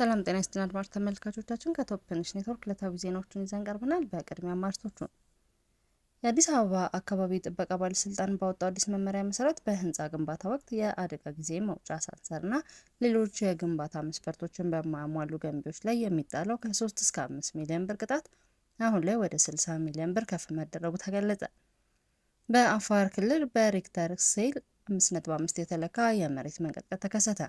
ሰላም ጤና ይስጥልን አድማጭ ተመልካቾቻችን፣ ከቶፕንሽ ኔትወርክ ዕለታዊ ዜናዎችን ይዘን ቀርበናል። በቅድሚያ ማርቶቹ የአዲስ አበባ አካባቢ ጥበቃ ባለስልጣን ባወጣው አዲስ መመሪያ መሰረት በህንፃ ግንባታ ወቅት የአደጋ ጊዜ መውጫ አሳንሰርና ሌሎች የግንባታ መስፈርቶችን በማያሟሉ ገንቢዎች ላይ የሚጣለው ከ3 እስከ 5 ሚሊዮን ብር ቅጣት አሁን ላይ ወደ ስልሳ ሚሊዮን ብር ከፍ መደረጉ ተገለጸ። በአፋር ክልል በሬክተር ስኬል አምስት የተለካ የመሬት መንቀጥቀጥ ተከሰተ።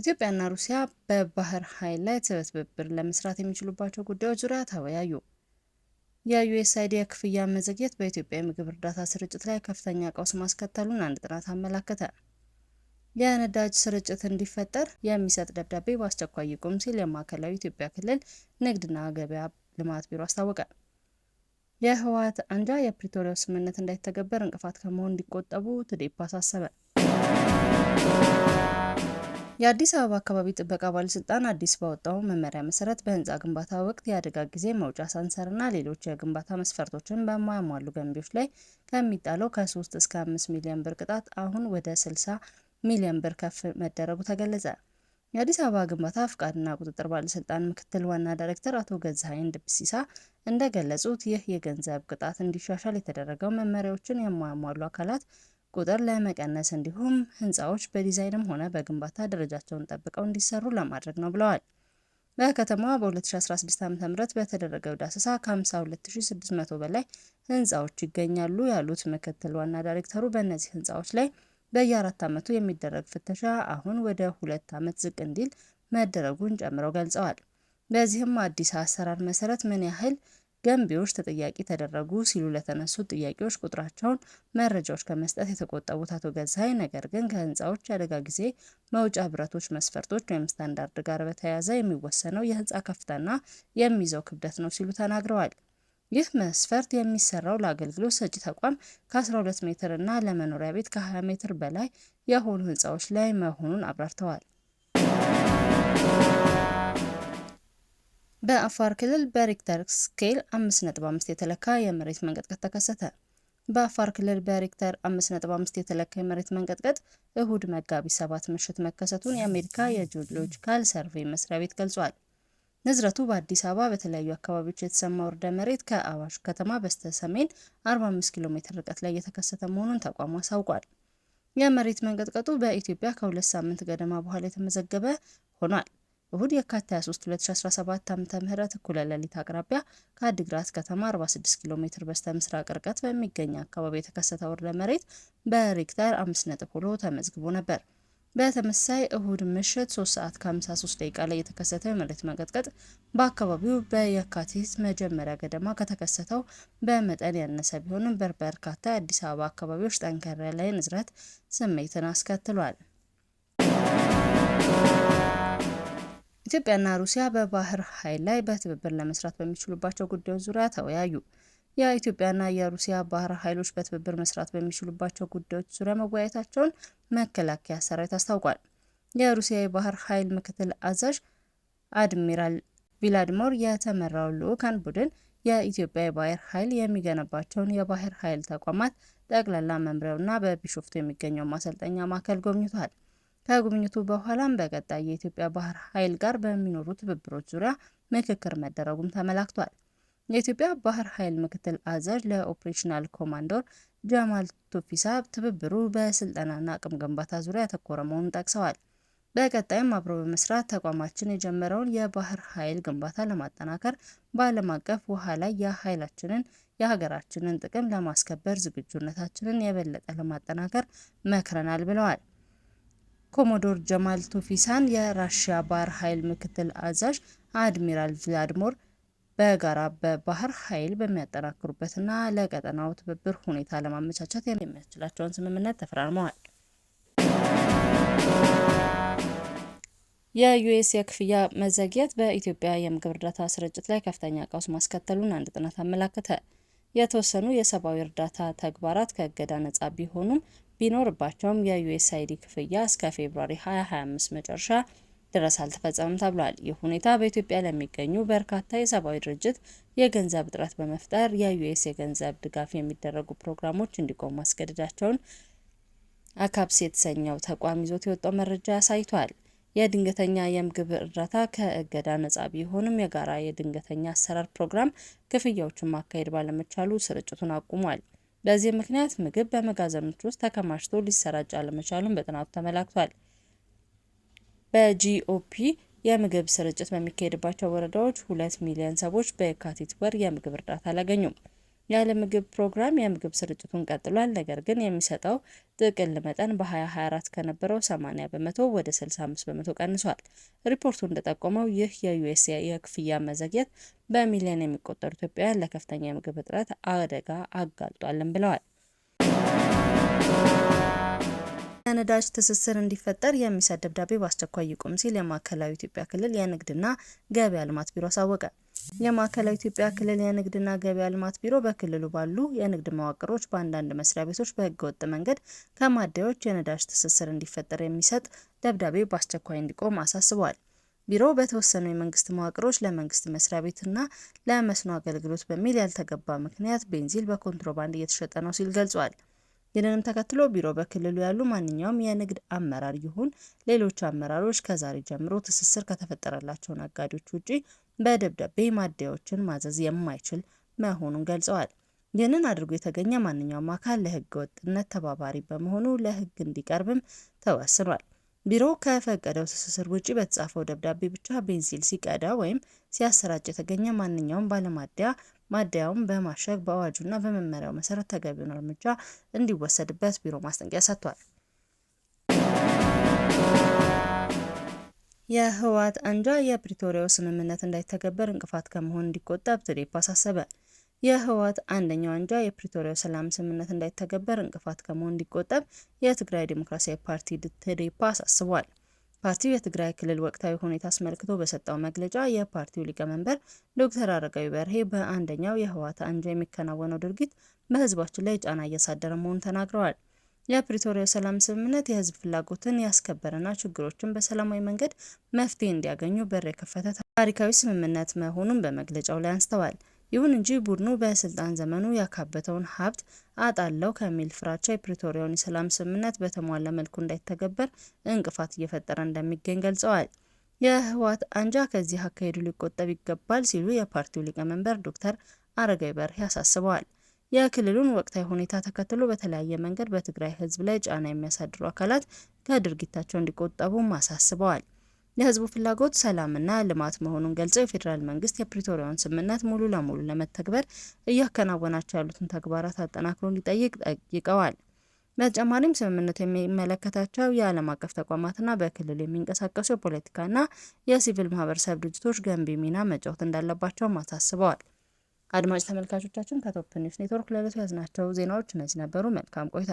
ኢትዮጵያና ሩሲያ በባህር ኃይል ላይ ትብብር ለመስራት የሚችሉባቸው ጉዳዮች ዙሪያ ተወያዩ። የዩኤስአይዲ የክፍያ መዘግየት በኢትዮጵያ የምግብ እርዳታ ስርጭት ላይ ከፍተኛ ቀውስ ማስከተሉን አንድ ጥናት አመላከተ። የነዳጅ ስርጭት እንዲፈጠር የሚሰጥ ደብዳቤ በአስቸኳይ ይቁም ሲል የማዕከላዊ ኢትዮጵያ ክልል ንግድና ገበያ ልማት ቢሮ አስታወቀ። የህወሓት አንጃ የፕሪቶሪያው ስምምነት እንዳይተገበር እንቅፋት ከመሆን እንዲቆጠቡ ትዴፓ አሳሰበ። የአዲስ አበባ አካባቢ ጥበቃ ባለስልጣን አዲስ ባወጣው መመሪያ መሰረት በህንፃ ግንባታ ወቅት የአደጋ ጊዜ መውጫ ሳንሰርና ሌሎች የግንባታ መስፈርቶችን በማያሟሉ ገንቢዎች ላይ ከሚጣለው ከ3 እስከ 5 ሚሊዮን ብር ቅጣት አሁን ወደ 60 ሚሊዮን ብር ከፍ መደረጉ ተገለጸ። የአዲስ አበባ ግንባታ ፍቃድና ቁጥጥር ባለስልጣን ምክትል ዋና ዳይሬክተር አቶ ገዛኸኝ ድብሲሳ እንደገለጹት ይህ የገንዘብ ቅጣት እንዲሻሻል የተደረገው መመሪያዎችን የማያሟሉ አካላት ቁጥር ለመቀነስ እንዲሁም ህንፃዎች በዲዛይንም ሆነ በግንባታ ደረጃቸውን ጠብቀው እንዲሰሩ ለማድረግ ነው ብለዋል። በከተማዋ በ2016 ዓ.ም በተደረገው ዳሰሳ ከ52600 በላይ ህንፃዎች ይገኛሉ ያሉት ምክትል ዋና ዳይሬክተሩ በእነዚህ ህንፃዎች ላይ በየአራት ዓመቱ የሚደረግ ፍተሻ አሁን ወደ ሁለት ዓመት ዝቅ እንዲል መደረጉን ጨምረው ገልጸዋል። በዚህም አዲስ አሰራር መሰረት ምን ያህል ገንቢዎች ተጠያቂ ተደረጉ ሲሉ ለተነሱት ጥያቄዎች ቁጥራቸውን መረጃዎች ከመስጠት የተቆጠቡት አቶ ገዛኸኝ ነገር ግን ከህንፃዎች የአደጋ ጊዜ መውጫ ብረቶች መስፈርቶች ወይም ስታንዳርድ ጋር በተያያዘ የሚወሰነው የህንፃ ከፍታና የሚይዘው ክብደት ነው ሲሉ ተናግረዋል። ይህ መስፈርት የሚሰራው ለአገልግሎት ሰጪ ተቋም ከ12 ሜትር እና ለመኖሪያ ቤት ከ20 ሜትር በላይ የሆኑ ህንፃዎች ላይ መሆኑን አብራርተዋል። በአፋር ክልል በሪክተር ስኬል 5.5 የተለካ የመሬት መንቀጥቀጥ ተከሰተ። በአፋር ክልል በሪክተር 5.5 የተለካ የመሬት መንቀጥቀጥ እሁድ መጋቢት 7 ምሽት መከሰቱን የአሜሪካ የጂኦሎጂካል ሰርቬይ መስሪያ ቤት ገልጿል። ንዝረቱ በአዲስ አበባ በተለያዩ አካባቢዎች የተሰማ ወርደ መሬት ከአዋሽ ከተማ በስተ ሰሜን 45 ኪሎ ሜትር ርቀት ላይ የተከሰተ መሆኑን ተቋሙ አሳውቋል። የመሬት መንቀጥቀጡ በኢትዮጵያ ከሁለት ሳምንት ገደማ በኋላ የተመዘገበ ሆኗል። እሁድ የካቲት 23 2017 ዓ.ም እኩለ ሌሊት አቅራቢያ ከአዲግራት ከተማ 46 ኪሎ ሜትር በስተ ምስራቅ ርቀት በሚገኝ አካባቢ የተከሰተ ወርደ መሬት በሪክተር 5.2 ተመዝግቦ ነበር። በተመሳሳይ እሁድ ምሽት 3 ሰዓት ከ53 ደቂቃ ላይ የተከሰተው የመሬት መንቀጥቀጥ በአካባቢው በየካቲት መጀመሪያ ገደማ ከተከሰተው በመጠን ያነሰ ቢሆንም በበርካታ የአዲስ አበባ አካባቢዎች ጠንከር ያለ ንዝረት ስሜትን አስከትሏል። ኢትዮጵያና ሩሲያ በባህር ኃይል ላይ በትብብር ለመስራት በሚችሉባቸው ጉዳዮች ዙሪያ ተወያዩ። የኢትዮጵያና የሩሲያ ባህር ኃይሎች በትብብር መስራት በሚችሉባቸው ጉዳዮች ዙሪያ መወያየታቸውን መከላከያ ሰራዊት አስታውቋል። የሩሲያ የባህር ኃይል ምክትል አዛዥ አድሚራል ቪላድሞር የተመራው ልዑካን ቡድን የኢትዮጵያ የባህር ኃይል የሚገነባቸውን የባህር ኃይል ተቋማት ጠቅላላ መምሪያውና በቢሾፍቱ የሚገኘው ማሰልጠኛ ማዕከል ጎብኝቷል። ከጉብኝቱ በኋላም በቀጣይ የኢትዮጵያ ባህር ኃይል ጋር በሚኖሩ ትብብሮች ዙሪያ ምክክር መደረጉም ተመላክቷል። የኢትዮጵያ ባህር ኃይል ምክትል አዛዥ ለኦፕሬሽናል ኮማንደር ጀማል ቱፊሳ ትብብሩ በስልጠናና አቅም ግንባታ ዙሪያ ያተኮረ መሆኑን ጠቅሰዋል። በቀጣይም አብሮ በመስራት ተቋማችን የጀመረውን የባህር ኃይል ግንባታ ለማጠናከር በዓለም አቀፍ ውሃ ላይ የኃይላችንን የሀገራችንን ጥቅም ለማስከበር ዝግጁነታችንን የበለጠ ለማጠናከር መክረናል ብለዋል። ኮሞዶር ጀማል ቱፊሳን የራሽያ ባህር ኃይል ምክትል አዛዥ አድሚራል ቪላድሞር በጋራ በባህር ኃይል በሚያጠናክሩበትና ለቀጠናው ትብብር ሁኔታ ለማመቻቸት የሚያስችላቸውን ስምምነት ተፈራርመዋል። የዩኤስ የክፍያ መዘግየት በኢትዮጵያ የምግብ እርዳታ ስርጭት ላይ ከፍተኛ ቀውስ ማስከተሉን አንድ ጥናት አመላከተ። የተወሰኑ የሰብአዊ እርዳታ ተግባራት ከእገዳ ነጻ ቢሆኑም ቢኖርባቸውም የዩኤስአይዲ ክፍያ እስከ ፌብሯሪ 2025 መጨረሻ ድረስ አልተፈጸመም ተብሏል። ይህ ሁኔታ በኢትዮጵያ ለሚገኙ በርካታ የሰብአዊ ድርጅት የገንዘብ እጥረት በመፍጠር የዩኤስ የገንዘብ ድጋፍ የሚደረጉ ፕሮግራሞች እንዲቆሙ ማስገደዳቸውን አካብስ የተሰኘው ተቋም ይዞት የወጣው መረጃ አሳይቷል። የድንገተኛ የምግብ እርዳታ ከእገዳ ነጻ ቢሆንም የጋራ የድንገተኛ አሰራር ፕሮግራም ክፍያዎችን ማካሄድ ባለመቻሉ ስርጭቱን አቁሟል። በዚህ ምክንያት ምግብ በመጋዘኖች ውስጥ ተከማችቶ ሊሰራጭ አለመቻሉን በጥናቱ ተመላክቷል። በጂኦፒ የምግብ ስርጭት በሚካሄድባቸው ወረዳዎች ሁለት ሚሊዮን ሰዎች በየካቲት ወር የምግብ እርዳታ አላገኙም። ያለ ምግብ ፕሮግራም የምግብ ስርጭቱን ቀጥሏል። ነገር ግን የሚሰጠው ጥቅል መጠን በ2024 ከነበረው 80 በመቶ ወደ 65 በመቶ ቀንሷል። ሪፖርቱ እንደጠቆመው ይህ የዩኤስኤአይ የክፍያ መዘግየት በሚሊዮን የሚቆጠሩ ኢትዮጵያውያን ለከፍተኛ የምግብ እጥረት አደጋ አጋልጧልም ብለዋል። የነዳጅ ትስስር እንዲፈጠር የሚሰጥ ደብዳቤ በአስቸኳይ ይቁም ሲል የማዕከላዊ ኢትዮጵያ ክልል የንግድና ገበያ ልማት ቢሮ አሳወቀ። የማዕከላዊ ኢትዮጵያ ክልል የንግድና ገበያ ልማት ቢሮ በክልሉ ባሉ የንግድ መዋቅሮች በአንዳንድ መስሪያ ቤቶች በህገወጥ መንገድ ከማደያዎች የነዳጅ ትስስር እንዲፈጠር የሚሰጥ ደብዳቤ በአስቸኳይ እንዲቆም አሳስቧል። ቢሮው በተወሰኑ የመንግስት መዋቅሮች ለመንግስት መስሪያ ቤትና ለመስኖ አገልግሎት በሚል ያልተገባ ምክንያት ቤንዚል በኮንትሮባንድ እየተሸጠ ነው ሲል ገልጿል። ይህንንም ተከትሎ ቢሮ በክልሉ ያሉ ማንኛውም የንግድ አመራር ይሁን ሌሎች አመራሮች ከዛሬ ጀምሮ ትስስር ከተፈጠረላቸው ነጋዴዎች ውጪ በደብዳቤ ማደያዎችን ማዘዝ የማይችል መሆኑን ገልጸዋል። ይህንን አድርጎ የተገኘ ማንኛውም አካል ለህገ ወጥነት ተባባሪ በመሆኑ ለህግ እንዲቀርብም ተወስኗል። ቢሮው ከፈቀደው ትስስር ውጪ በተጻፈው ደብዳቤ ብቻ ቤንዚል ሲቀዳ ወይም ሲያሰራጭ የተገኘ ማንኛውም ባለማደያ ማደያውን በማሸግ በአዋጁና በመመሪያው መሰረት ተገቢውን እርምጃ እንዲወሰድበት ቢሮ ማስጠንቀቂያ ሰጥቷል። የህወሓት አንጃ የፕሪቶሪያው ስምምነት እንዳይተገበር እንቅፋት ከመሆን እንዲቆጠብ ትዴፓ አሳሰበ። የህወሓት አንደኛው አንጃ የፕሪቶሪያው ሰላም ስምምነት እንዳይተገበር እንቅፋት ከመሆን እንዲቆጠብ የትግራይ ዴሞክራሲያዊ ፓርቲ ትዴፓ አሳስቧል። ፓርቲው የትግራይ ክልል ወቅታዊ ሁኔታ አስመልክቶ በሰጠው መግለጫ የፓርቲው ሊቀመንበር ዶክተር አረጋዊ በርሄ በአንደኛው የህወሓት አንጃ የሚከናወነው ድርጊት በህዝባችን ላይ ጫና እያሳደረ መሆኑን ተናግረዋል። የፕሪቶሪያ ሰላም ስምምነት የህዝብ ፍላጎትን ያስከበረና ችግሮችን በሰላማዊ መንገድ መፍትሄ እንዲያገኙ በር የከፈተ ታሪካዊ ስምምነት መሆኑን በመግለጫው ላይ አንስተዋል። ይሁን እንጂ ቡድኑ በስልጣን ዘመኑ ያካበተውን ሀብት አጣለሁ ከሚል ፍራቻ የፕሪቶሪያውን የሰላም ስምምነት በተሟላ መልኩ እንዳይተገበር እንቅፋት እየፈጠረ እንደሚገኝ ገልጸዋል። የህወሓት አንጃ ከዚህ አካሄዱ ሊቆጠብ ይገባል ሲሉ የፓርቲው ሊቀመንበር ዶክተር አረጋዊ በርሄ አሳስበዋል። የክልሉን ወቅታዊ ሁኔታ ተከትሎ በተለያየ መንገድ በትግራይ ህዝብ ላይ ጫና የሚያሳድሩ አካላት ከድርጊታቸው እንዲቆጠቡም አሳስበዋል። የህዝቡ ፍላጎት ሰላምና ልማት መሆኑን ገልጸው የፌዴራል መንግስት የፕሪቶሪያውን ስምምነት ሙሉ ለሙሉ ለመተግበር እያከናወናቸው ያሉትን ተግባራት አጠናክሮ እንዲጠይቅ ጠይቀዋል። በተጨማሪም ስምምነቱ የሚመለከታቸው የዓለም አቀፍ ተቋማትና በክልል የሚንቀሳቀሱ የፖለቲካና የሲቪል ማህበረሰብ ድርጅቶች ገንቢ ሚና መጫወት እንዳለባቸውም አሳስበዋል። አድማጭ ተመልካቾቻችን ከቶፕ ኒውስ ኔትወርክ ለዕለቱ ያዝናቸው ዜናዎች እነዚህ ነበሩ። መልካም ቆይታ